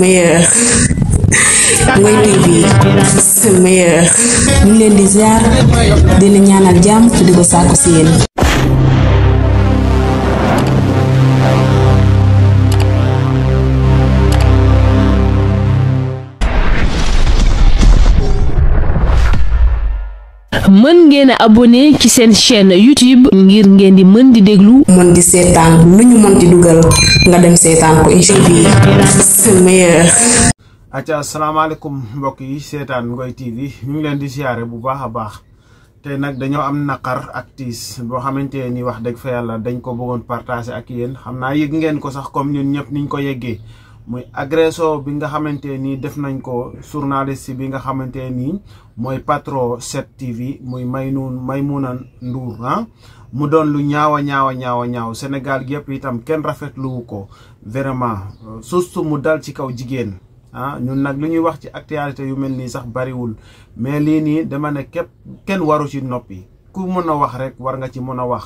meilleur Ngoye TV c'est meilleur ñu leen di ziar di la ñaanal jàmm ci di ko sàkku si mën ngeen a abonné ci seen chaîne YouTube ngir ngeen di mën di déglu. mën di seetaan lu ñu mën di dugal nga dem seetaan ko incha allah. acca asalaamaaleykum mbokk yi seetaan Ngoy TV ñu ngi leen di siyaare bu baax a baax te nag dañoo am naqar ak tiis boo xamante ni wax dëgg fa yàlla dañ ko bëggoon partager ak yéen xam naa yëg ngeen ko sax comme ñun ñëpp niñ ko yeggee. muy agression bi nga xamante ni def nañ ko journaliste bi nga xamante ni mooy patron 7TV muy Maymoun Maymouna Ndour ah mu doon lu ñaaw a ñaaw a ñaaw a ñaaw Sénégal yëpp itam kenn rafetluwu ko vraiment euh, surtout mu dal ci kaw jigéen ah ñun nag li ñuy wax ci actualité yu mel nii sax bariwul mais lii nii dama ne képp kenn waru ci noppi ku mën a wax rek war nga ci mën a wax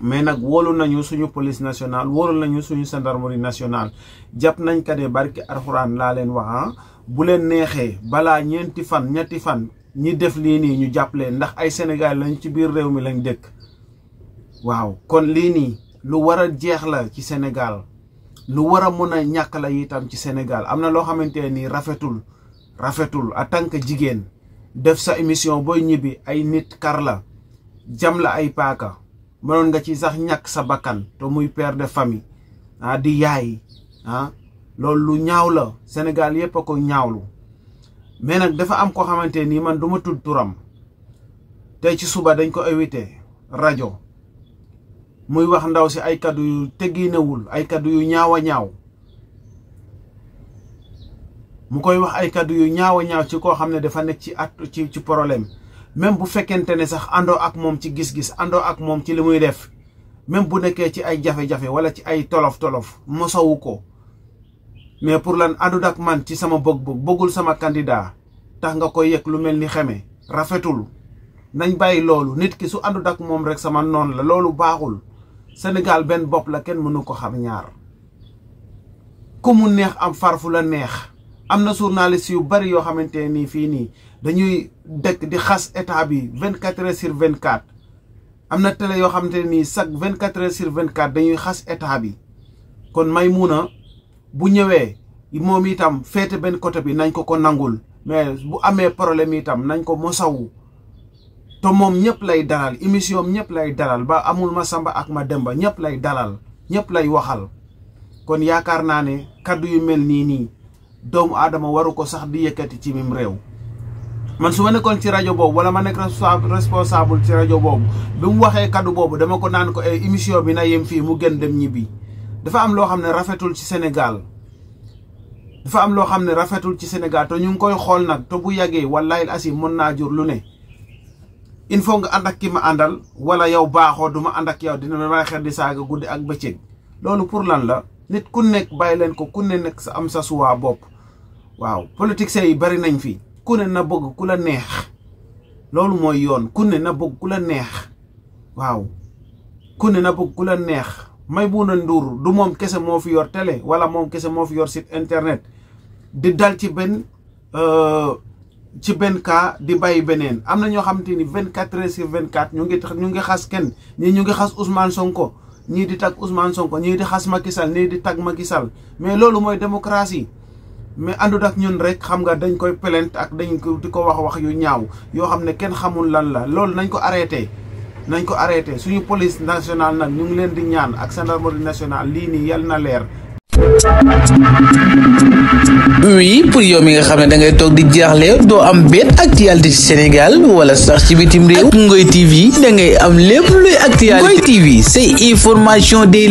mais nak wóolu nañu suñu police nationale wóolu nañu suñu gendarmerie nationale japp nañ ka dé barki alcorane la len wax ah, bu len nexé bala ñenti fan ñetti fan ñi def li ni ñu japp leen ndax ay Sénégal lañ ci biir réew mi lañ dëkk waaw kon li ni lu wara jeex la ci Sénégal lu wara mëna ñak la yitam ci Sénégal amna lo rafetul rafetul en jigen def sa émission boy ñibi ay nit kar jam la ay paaka mënoon nga ci sax ñàkk sa bakkan te muy perde de famille ah, di yaay ah loolu lu ñaaw la Sénégal yëpp a ko ñaawlu mais nag dafa am ko xamante nii man du tudd turam tey ci suba dañ ko invité rajo muy wax ndaw si ay kaddu yu tegginawul ay kaddu yu ñaaw a ñaaw mu koy wax ay kaddu yu ñaaw a ñaaw ci koo xam ne dafa nekk ci at ci ci problème même bu fekente ne sax ando ak mom ci gis-gis ando ak mom ci limuy def même bu nekké ci ay jafe-jafe wala ci ay tolof-tolof mosawu mais pour lan dak man ci sama bok bok bogul sama candidat tax nga koy yek lu melni ni rafetul nañ bay lolu nit ki su àndut dak mom rek sama non la lolu baxul Sénégal ben bop la ken mënu xam ñaar ku neex am farfu la neex am na journaliste yu bari yoo xamante nii fii nii dañuy dëkk di xas état bi vingt quatre heures sur vingt quatre am na télé yoo xamante nii chaque vingt quatre heures sur vingt quatre dañuy xas état bi kon Maimouna bu ñëwee moom itam féete benn côté bi nañ ko ko nangul mais bu amee problème itam nañ ko mosawu te moom ñëpp lay dalal émission ñëpp lay dalal ba amul ma samba ak ma demba ñëpp lay dalal ñëpp lay waxal kon yaakaar naa ne kaddu yu mel nii nii doomu aadama waru ko sax di yëkkati ci mim réew man su ma nekkoon ci rajo boobu wala ma nekk responsable ci rajo boobu bi mu waxee kaddu boobu dama ko naan ko ay eh, émission bi na yem fii mu gën dem ñibbi dafa am loo xam ne rafetul ci Sénégal dafa am loo xam ne rafetul ci Sénégal te ñu ngi koy xool nag te bu yàggee wallahi asi mën naa jur lu ne il faut nga ànd ak ki ma àndal wala yow baaxoo du ma ànd ak yow dina may xel di saaga guddi ak bëccëg loolu pour lan la nit ku nekk bàyyi leen ko ku ne nekk sa am sa suwaa bopp waaw politiciens yi bari nañ fi ku ne na bëgg ku la neex loolu mooy yoon ku ne na bëgg ku la neex waaw ku ne na bëgg ku la neex may bu Maimouna Ndour du moom kese moo fi yor tele wala moom kese moo fi yor site internet di dal ci benn euh, ci benn cas di bàyyi beneen am na ñoo xamante ni vingt quatre heures sur vingt quatre ñu ngi ñu ngi xas kenn nii ñu ngi xas Ousmane Sonko ñii di tag Ousmane Sonko ñii di xas Macky Sall ñii di tag Macky Sall mais loolu mooy démocratie mais àndut ak ñun rek xam nga dañ koy plainte ak dañ ko di ko wax wax yu ñaaw yoo xam ne kenn xamul lan la lool nañ ko arrêté. nañ ko arrêté suñu police nationale nag ñu ngi leen di ñaan ak gendarmerie nationale lii nii yal na leer oui pour yow mi nga xam ne da ngay toog di jaaxle doo am benn actualité ci Sénégal wala sax ci bitim réew Ngoy TV da ngay am lépp luy actualité Ngoy TV say information day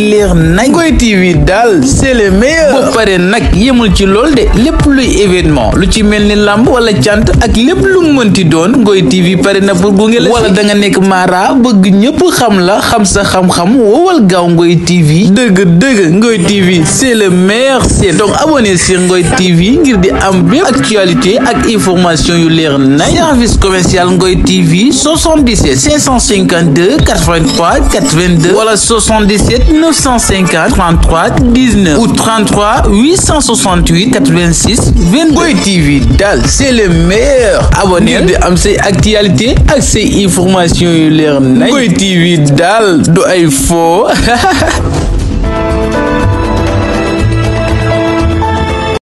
nañ Ngoy TV daal c'est le meilleur bu nag yemul ci lool de lépp luy événement lu ci mel ni làmb wala cant ak lépp lu mënti doon Ngoy TV pare na pour gunge la wala danga nekk mara bëgg ñëpp xam la xam sa xam-xam wowal gaaw Ngoy TV dëgg dëgg Ngoy TV le meilleur c'est donc abonné sur TV ngir di am actualité ak information yu leer un service commercial Ngoy TV 77 552 83 82 wala 77 950 33 19 ou 33 868 86 22 Ngoy TV dal c'est le meilleur abonné ngir di am actualité ak information yu leer Ngoy TV dal ay